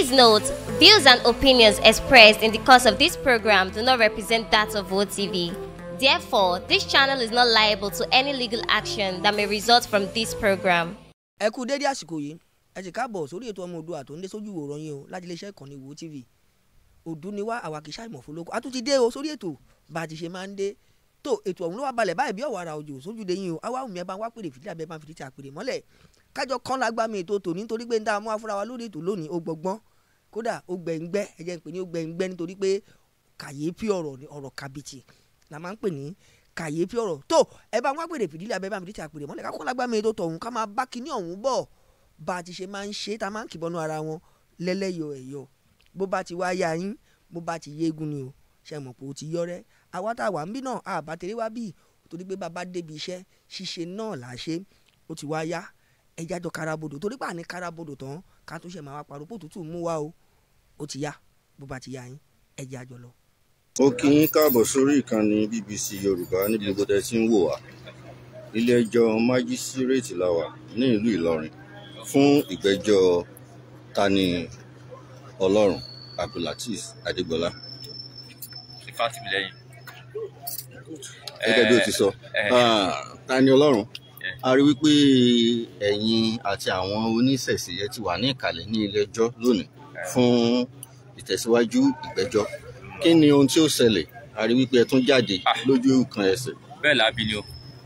Please note, views and opinions expressed in the course of this program do not represent that of OTV. Therefore, this channel is not liable to any legal action that may result from this program. Ẹ kú dédé àsìkò yìí, ẹ sì káàbọ̀ sórí ètò ọmọ Oòduà tó ń dé sójú ìwòran yín o láti iléeṣẹ́ ìkànnì Wo TV. Òdu ni wá àwa kì í ṣàìmọ̀ A tún ti dé o sórí ètò bá a ti ṣe máa ń dé. Tó ètò ọ̀hún ló wá balẹ̀ báyìí bí ọ̀wọ́ ara òjò sójú de yín o. Àwa òmìnira bá wá pèrè fìdí àbẹ́ máa fi títí àpèrè mọ́lẹ̀. Kájọ kán lágbàmì ètò tòní nítorí pé ń dá amú afúráwa lórí ètò lónìí ó gbọgbọ́n kódà ó gbẹ̀ngbẹ́ ẹ jẹ́ ń pè ní ó gbẹ̀ngbẹ́ nítorí pé kàyéfì ọ̀rọ̀ ni ọ̀rọ̀ kàbìtì la máa ń pè ní kàyéfì ọ̀rọ̀ tó ẹ bá wá gbèrè fìdílé abẹ́ bá mi dìtà pèrè mọ́lẹ̀ ká kó lágbá mi tó tọ̀hún ká máa bá kinní ọ̀hún bọ̀ bá a ti ṣe máa ń ṣe tá a máa ń kìbọnú ara wọn lẹ́lẹ́yọ ẹ̀yọ bó bá ti wá ya yín bó bá ti yégun ni o ṣe mọ̀ pé o ti yọrẹ́ àwa tá a wà ń bí náà àbá tèrè wá bì torí pé bàbá débi iṣẹ́ ṣíṣe náà là á ṣe ó ti wá ya ẹja jọ karabodò torí pé karabodò tán ká tó ṣe máa wá parọ́ pò mú wa o ó ti yá bó bá ti yá yín ẹ jẹ́ àjọ lọ. ó kí yín káàbọ̀ sórí ìkànnì BBC Yorùbá níbi gbogbo tẹ́ ti ń wò wá ilé-ẹjọ́ májísírèètì la wà ní ìlú Ìlọrin fún ìgbẹ́jọ́ Tani Ọlọ́run Abdulateef Adégbọlá. ìfàtìmílẹ́yìn. gẹ́gẹ́ bí o ti sọ eh, eh. ah, Tani Ọlọ́run eh. a rí wípé ẹ̀yin àti àwọn oníṣẹ̀ṣe yẹn ti wà ní ìkàlẹ̀ ní ilé lónìí fún ìtẹ̀síwájú ìgbẹ́jọ́ kí ni ohun tí ó ṣẹlẹ̀ a rí wípé ẹ tún jáde ah. lójú kan ẹsẹ̀. bẹ́ẹ̀ la bí ni o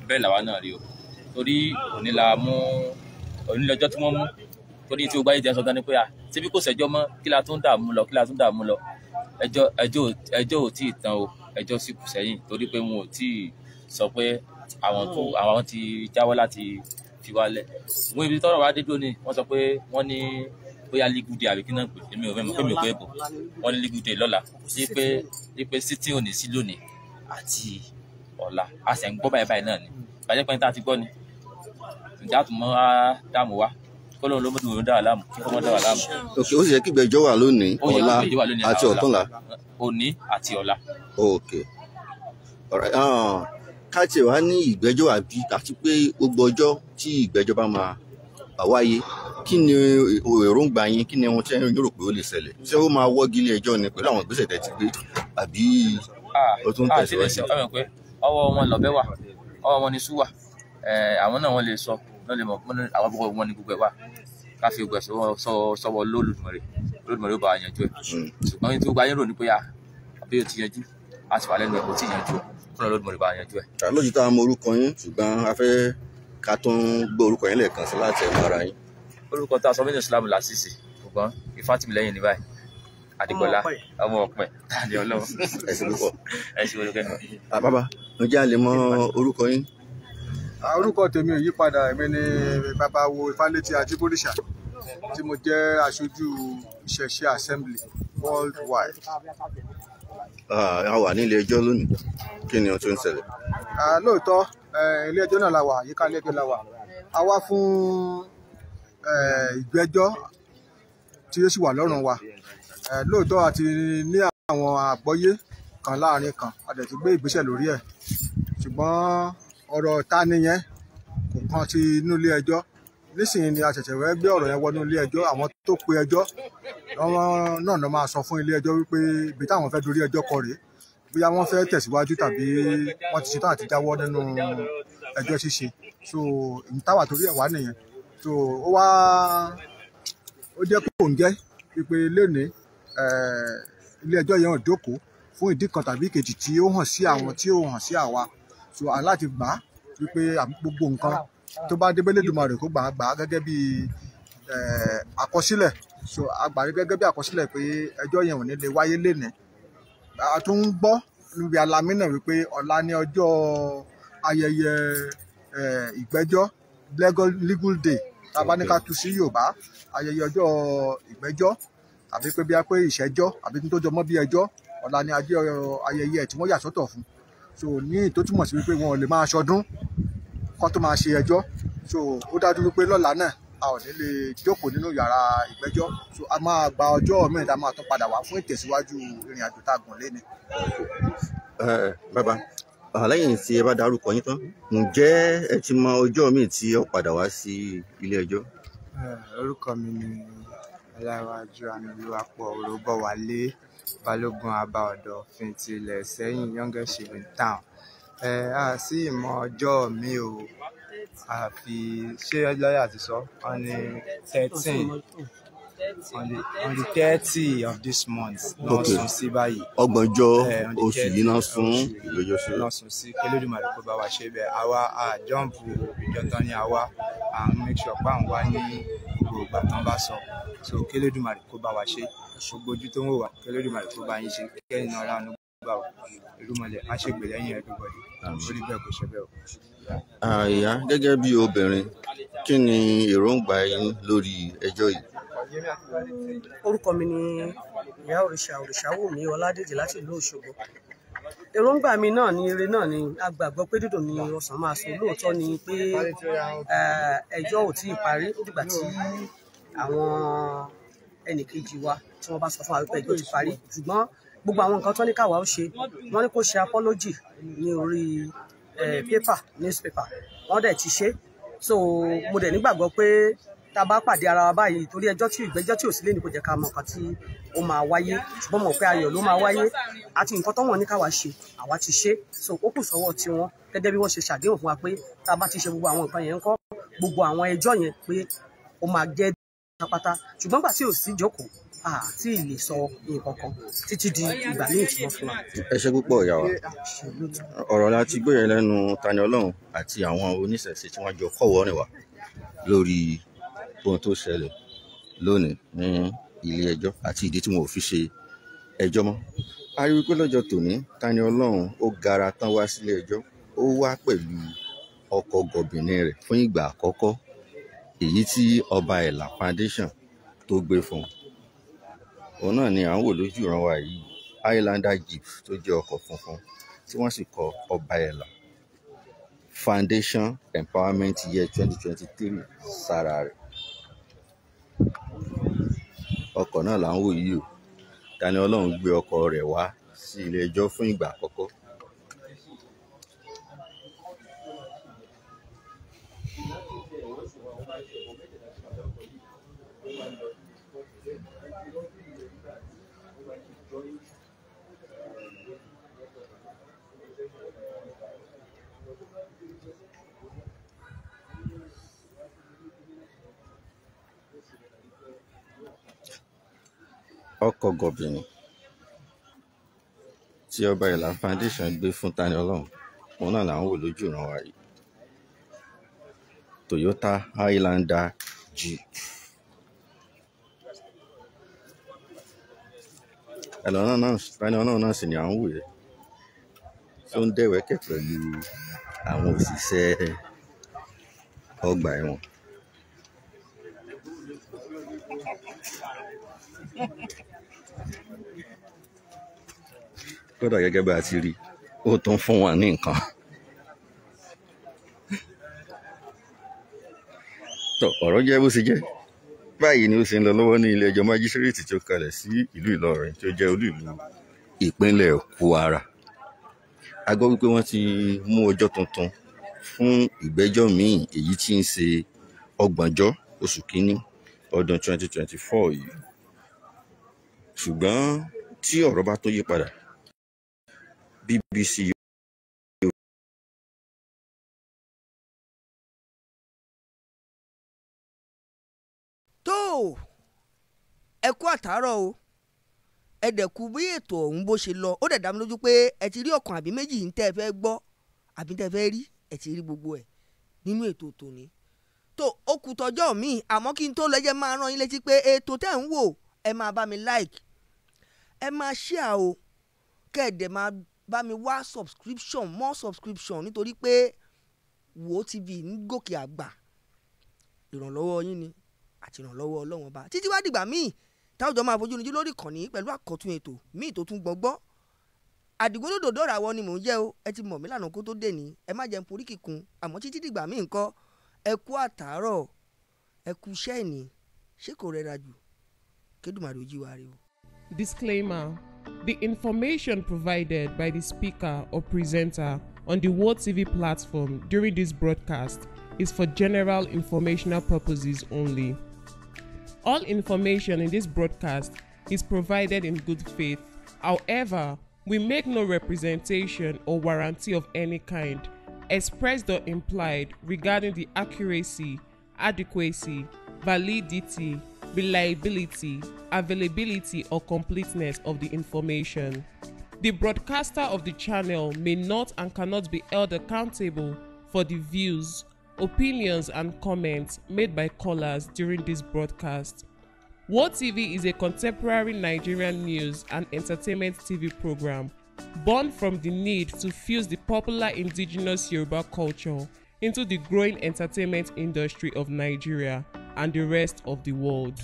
bẹ́ẹ̀ làwa náà rí o torí òní la mú òní lọ́jọ́ tí wọ́n mú torí tí o gbáyé ti ẹ sọ tán ni pé à ah, síbi kò sẹ́jọ́ mọ́ kí la tún dààmú lọ kí la tún dààmú lọ ẹjọ́ ẹjọ́ ẹjọ́ ò tí ì tán o ẹjọ́ sì kù sẹ́yìn torí pé wọn ò tí ì sọ pé àwọn tó àwọn ti jáwọ́ láti fi wá lẹ̀ wọn ibi tọ́rọ̀ wá dé dúró ni wọ́n sọ pé wọ́n ní bóyá legal day àbí kí náà pè èmi ò fẹ́ mọ̀ pé mi ò fẹ́ bọ̀ wọ́n ní legal day lọ́la wípé wípé sítì ò ní sí lónìí àti ọ̀la a sì ń gbọ́ báyìí báyìí náà ni hmm. bàjẹ́ pé tá a ti gbọ́ ni ǹjẹ́ àtúmọ̀ á dààmú wa kọ́lọ́ ló mọ̀tò dáa láàmú kí fọ́mọ́ dáa láàmú. ok ó sì yẹ kí ìgbẹ́jọ́ wà lónìí ọ̀la àti ọ̀túnla. òní àti ọ̀la. ok alright ah, ká tiẹ̀ wá ní ìgbẹ́jọ́ àbí àti pé gbogbo ọjọ́ tí ìgbẹ́jọ́ bá máa wáyé kí ni èròǹgbà yín kí ni ohun tí ẹ̀yin rò pé ó lè ṣẹlẹ̀ ṣé ó máa wọ́gi ilé ẹjọ́ ni pẹ̀lú àwọn ìgbésẹ̀ tẹ̀ ti gbé àbí ó tún ah, tẹ̀síwájú. ọwọ́ wọn lọ́bẹ̀ wà ọwọ́ wọn ni sú wà àwọn náà wọ́n lè sọ wọ́n lè mọ̀ àwọn bọ́ọ̀ wọn ni gbogbo ẹ̀ wà ká fi gbẹ̀ sọ́wọ́ lólùdùmọ̀rẹ́ ó bá yanjú ẹ̀ ṣùgbọ́n tí gbogbo ayé rò ní pé ah, àbí ó ti yanjú á ti wà ẹ̀ kò tí ì yanjú fúnra lólùdùmọ̀rẹ́ bá yanjú ẹ̀. lójútà mọ orúkọ yín ṣùgbọ́n a fẹ́ ká tún gbọ́ orúkọ yín lẹ́ẹ̀kan sí láti ẹ̀ mọ́ra yín orúkọ tá a sọ mí ní Islam Lasisi ṣùgbọ́n ìfátìmílẹ́yìn ní báyìí Adigbọlá ọmọ ọpẹ tàbí ọlọ́wọ́ ẹ̀sìn púpọ̀ ẹ̀sìn olùkẹ́. Ah, àbábà ǹjẹ́ a lè mọ orúkọ yín. Ah, orúkọ tèmi ò yípadà èmi ni babawo Ifálétí Ajíbólíṣà tí mo jẹ́ aṣojú ìṣẹ̀ṣe assembly worldwide. Ah, a wà ní ilé ẹjọ́ lónìí kí ni ohun tó ń ṣẹlẹ̀. lóòótọ́ eh, ilé ẹjọ́ náà la wà yíká ilé ẹjọ́ la wà a wá fún Eh, ìgbẹ́jọ́ tí ó sì wà lọ́rùn wa eh, lóòótọ́ àti ní àwọn àgbọ́yé kan láàrin kan a dẹ̀ ti gbé ìgbésẹ̀ lórí ẹ̀ ṣùgbọ́n ọ̀rọ̀ ta nìyẹn kò kan ti inú ilé ẹjọ́ nísìnyí ni a ṣẹ̀ṣẹ̀ wẹ́ gbé ọ̀rọ̀ yẹn wọnú ilé ẹjọ́ àwọn tó pe ẹjọ́ náà ló máa sọ fún ilé ẹjọ́ wípé ibi táwọn fẹ́ dorí ẹjọ́ kọ rèé bóyá wọ́n fẹ́ tẹ̀síwájú tàbí wọ́n ti ṣetán àti jáwọ́ nínú ẹjọ́ ṣíṣe so ìyìn táwà torí ẹ̀ wá nìyẹn so ó wá ó jẹ́ kòńgẹ́ pípé lónìí ilé ẹjọ́ yẹn ò jókòó fún ìdí kan tàbí ìkejì tí ó hàn sí àwọn tí ó hàn sí àwa so aláti gbà á wípé gbogbo nǹkan tó bá débélé dùmarè kó gbà á gbà á gẹ́gẹ́ bí àkọsílẹ̀ so agbàrí gẹ́gẹ́ bí àkọsílẹ̀ pé ẹjọ́ yẹn ò ní lè wáyé lénìí a tún ń gbọ́ níbi alamí náà wípé ọ̀la ní ọjọ́ ayẹyẹ ìgbẹ́jọ́ legal day tá a tu sí Yorùbá ayẹyẹ ọjọ́ ìgbẹ́jọ́ àbí pé bí a pé ìṣẹ́jọ́ àbí tó jọmọ́ bí ẹjọ́ ọ̀la ni ajé ayẹyẹ tí wọ́n yà sọ́tọ̀ fún so ní tó túmọ̀ sí wípé wọn ò lè máa ṣọdún kó tó máa ṣe ẹjọ́ so ó dájú wípé lọ́la náà a ò ní lè jókòó nínú yàrá ìgbẹ́jọ́ so a máa gba ọjọ́ mẹ́rin tá a máa tún padà wá fún ìtẹ̀síwájú ìrìn àjò tá a gùn lé ni. ẹ ẹ bàbá lẹ́yìn tí ẹ bá darúkọ yín tán ǹjẹ́ ẹ ti mọ ọjọ́ míì tí ó padà wá sí ilé ẹjọ́. Eh, orúkọ mi ni ọláwájú anúlúwapọ̀ òróbọ̀wálé balógun àbá ọ̀dọ̀ òfin ti ilẹ̀ sẹ́yìn youngest shivin town ẹ eh, á sí ìmọ̀ ọjọ́ mi o àfi ṣé lọ́ọ̀yà ti sọ wọn ni thirteen on the on the thirty of this month. okay ọgbọ̀njọ́ eh, oṣù yìí náà sún ìgbẹ́jọ́sí. náà sún sí kẹlẹ́dùmarè kó bá wa ṣe bẹ́ẹ̀ àwa a jọ́ǹpù ìjọta ní àwa à ń make sure pa àwọn wa ní gbogbo ìgbà tán bá sọ so kẹlẹ́dùmarè kó bá wa ṣe gbogbo ojú tó ń wò wá kẹlẹ́dùmarè kó bá yín ṣe kẹ́yìn náà ránú gbà wá irúmọlẹ̀ á ṣègbè lẹ́yìn everybody lórí bẹ́ẹ̀ kò ṣe bẹ́ẹ̀ o. àyà gẹ́gẹ́ bí obìnrin kí ni èròǹgbà yín lórí ẹjọ́ yìí orúkọ mi ni ìyá òrìṣà òrìṣà wù mí ọládèjì láti ìlú òṣogbo èròǹgbà mi náà ni eré náà ni a pé dídùn ni ọsàn máa so lóòótọ́ ni pé ẹjọ́ ò tí ì parí ó dìgbà tí àwọn ẹnìkejì wa tí wọ́n bá sọ fún wa wípé ti parí ṣùgbọ́n gbogbo àwọn nǹkan tó ní káwa ó ṣe wọ́n ní kó ṣe apology ní orí paper newspaper wọ́n dẹ̀ ti ṣe so mo dẹ̀ nígbàgbọ́ pé tá a bá pàdé ara wa báyìí torí ẹjọ́ tí ìgbẹ́jọ́ tí ò sí lé ní kò jẹ́ ká mọ nǹkan tí ó máa wáyé ṣùgbọ́n mọ̀ pé ayọ̀ ló máa wáyé àti nǹkan tọ́wọ̀n ní káwa ṣe àwa ti ṣe so ó kù sọ́wọ́ tiwọn gẹ́gẹ́ bí wọ́n ṣe ṣàdéhùn fún wa pé tá a bá ti ṣe gbogbo àwọn nǹkan yẹn ń kọ́ gbogbo àwọn ẹjọ́ yẹn pé ó máa jẹ́ pátápátá ṣùgbọ́n gbà tí ò sí jókòó àti ìlè sọ nǹkan kan títí di ìgbà míì tí fún wa. ẹ ṣe púpọ̀ ìyá wa ọ̀rọ̀ la ti gbé yẹn lẹ́nu Taniọlọ́run àti àwọn oníṣẹ̀ṣe tí wọ́n jọ kọ́wọ́ rìn lórí ohun tó ṣẹlẹ̀ lónìí ní ilé ẹjọ́ àti ìdí tí wọn ò fi ṣe ẹjọ́ mọ́ ariwo pé lọ́jọ́ tòní Tani Olohun ó gara tán wá sílé ẹjọ́ ó wá pẹ̀lú ọkọ gọ̀bìnrin rẹ̀ fún ìgbà àkọ́kọ́ èyí tí ọba ẹ̀là foundation tó gbé fún un òun náà ni à ń wò lójú ìran wa yìí Highlander jeep tó jẹ́ ọkọ̀ funfun tí wọ́n sì kọ ọba ẹ̀là foundation empowerment year twenty twenty three sára rẹ̀ ọkọ̀ náà là ń wò yìí o Taniọlọ́run gbé ọkọ̀ rẹ̀ wá sí ilé ẹjọ́ fún ìgbà àkọ́kọ́. Thank you. Ọkọ̀gọ̀bì ni. Tí Ọba Ìlà Foundation gbé fún Tani Olohun, òun náà là ń wò lójú ìran wa yìí. Toyota Highlander G. Ẹlọ́nà náà, Tani Olohun náà sì ni à ń wò yẹn. Tó ń dẹ̀wẹ́kẹ̀ pẹ̀lú àwọn òṣìṣẹ́ ọgbà ẹ̀wọ̀n. kódà gẹ́gẹ́ bá a ti rí ó tún fún wọn ní nǹkan. tó ọ̀rọ̀ jẹ́ bó ṣe jẹ́ báyìí ni ó ṣe ń lọ lọ́wọ́ ní ilé ẹjọ́ májísírèètì tó kalẹ̀ sí ìlú Ìlọrin tó jẹ́ olú ìlú ìpínlẹ̀ Kwara a gbọ́ wípé wọ́n ti mú ọjọ́ tuntun fún ìgbẹ́jọ́ míì èyí tí ń ṣe ọgbọ̀njọ́ oṣù kínní ọdún 2024 yìí ṣùgbọ́n tí ọ̀rọ̀ bá tó yí padà bbc tó ẹ kú àtàárọ̀ o ẹ dẹ̀kú bí ètò ọ̀hún bó ṣe lọ ó dẹ̀ dá mi lójú pé ẹ ti rí ọ̀kan àbí méjì ń tẹ́ ẹ fẹ́ gbọ́ àbí tẹ́ ẹ fẹ́ rí ẹ ti rí gbogbo ẹ̀ nínú ètò tòní tó ó kù tọjọ́ mi àmọ́ kí n tó lọ máa rán yín létí pé ètò tẹ́ ń wò ẹ máa bá mi like ẹ máa share o kẹ́ ẹ̀ dẹ̀ máa bá mi wá subscription more subscription nítorí pé wo tv ń gòkè àgbà ìrànlọ́wọ́ yín ni àti ìrànlọ́wọ́ ọlọ́wọ́n bá títí wá dìgbà míì táwùjọ máa fojú níjú lórí ìkànnì pẹ̀lú àkọ́tún ètò míì tó tún gbọ́ngbọ́n àdìgbòlódò dọ́ra wọ ni mò ń jẹ́ o ẹ ti mọ̀ mí lánàá kó tó dé ní ẹ má jẹ́ n porí kíkun àmọ́ títí dìgbà míì ńkọ́ ẹ kú àtàárọ̀ ẹ kú iṣẹ́ ìní ṣé kò rẹra jù kédùmàdì disclaimer The information provided by the speaker or presenter on the World TV platform during this broadcast is for general informational purposes only. All information in this broadcast is provided in good faith. However, we make no representation or warranty of any kind, expressed or implied, regarding the accuracy, adequacy, validity, reliability, availability, or completeness of the information. The broadcaster of the channel may not and cannot be held accountable for the views, opinions, and comments made by callers during this broadcast. TV is a contemporary Nigerian news and entertainment TV program born from the need to fuse the popular indigenous Yoruba culture into the growing entertainment industry of Nigeria and the rest of the world.